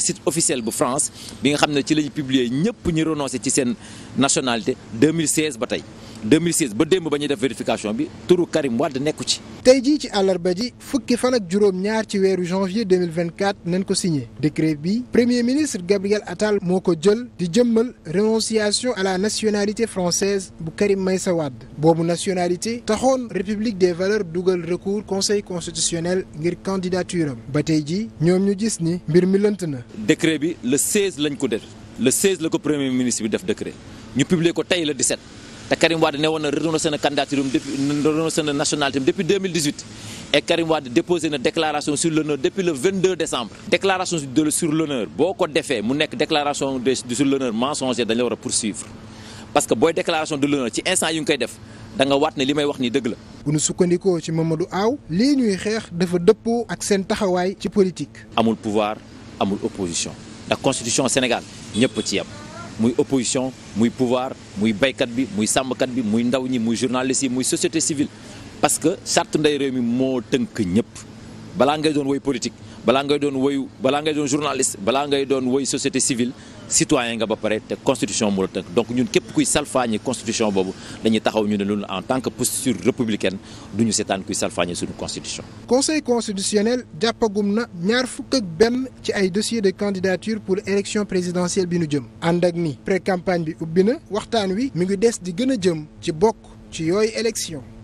site officiel bu France bi nga xam ne ci lañu publier ñëpp ñu renoncé ci seen nationalité 2016 ba tey 2006 ba démb ba ñuy def vérification bi turu Karim Wade nekku ci. tey jii ci àllarba ji fukki fan ak juróom-ñaar ci weeru janvier 2024 nañ ko signé décret bi premier ministre Gabriel Attal moo ko jël di jëmmal renonciation à la nationalité française bu Karim Meïssa Wade boobu nationalité taxoon république des valeurs dugal recours conseil constitutionnel ngir candidature am ba tey jii ñoom ñu gis ni mbir mi na. décret bi le 16 lañ ko def le 16 la ko premier ministre def décret ñu publier ko tey le 17. te Karim Wade ne woon na renoncé na candidature depuis renoncé na nationalité depuis 2018 et Karim Wade déposé na déclaration sur l'honneur depuis le décembre. déclaration sur l'honneur boo ko defee mu nekk déclaration sur l'honneur mensonger dañ la war a poursuivre parce que booy déclaration de l'honneur ci instant yu ngi koy def da waat ne li may wax nii dëgg la. bu nu sukkandikoo ci Mamadou Aw lii ñuy xeex dafa dëppoo ak seen taxawaay ci politique. amul pouvoir amul opposition ndax constitution Sénégal ñëpp ci yem. muy opposition muy pouvoir muy baykat bi muy sàmmkat bi muy ndaw ñi muy journaliste muy société civile parce que charte ndey réew mi moo tënk ñëpp balaa ngay doon woy politique bala ngay doon woyu balaa ngay doon journaliste balaa ngay doon woy société civile citoyen nga ba pare te constitution moo la tënk donc ñun képp kuy salfaañi constitution boobu dañuy taxaw ñu ne loolu en tant que posture républicaine du ñu seetaan kuy salfaañi suñu constitution. conseil constitutionnel jàppagum na ñaar fukk ak benn ci ay dossier de candidature pour élection présidentielle bi nu jëm ànd ak ni pré campagne bi ubbi na waxtaan wi mi ngi des di gën a jëm ci bokk ci yooyu élection.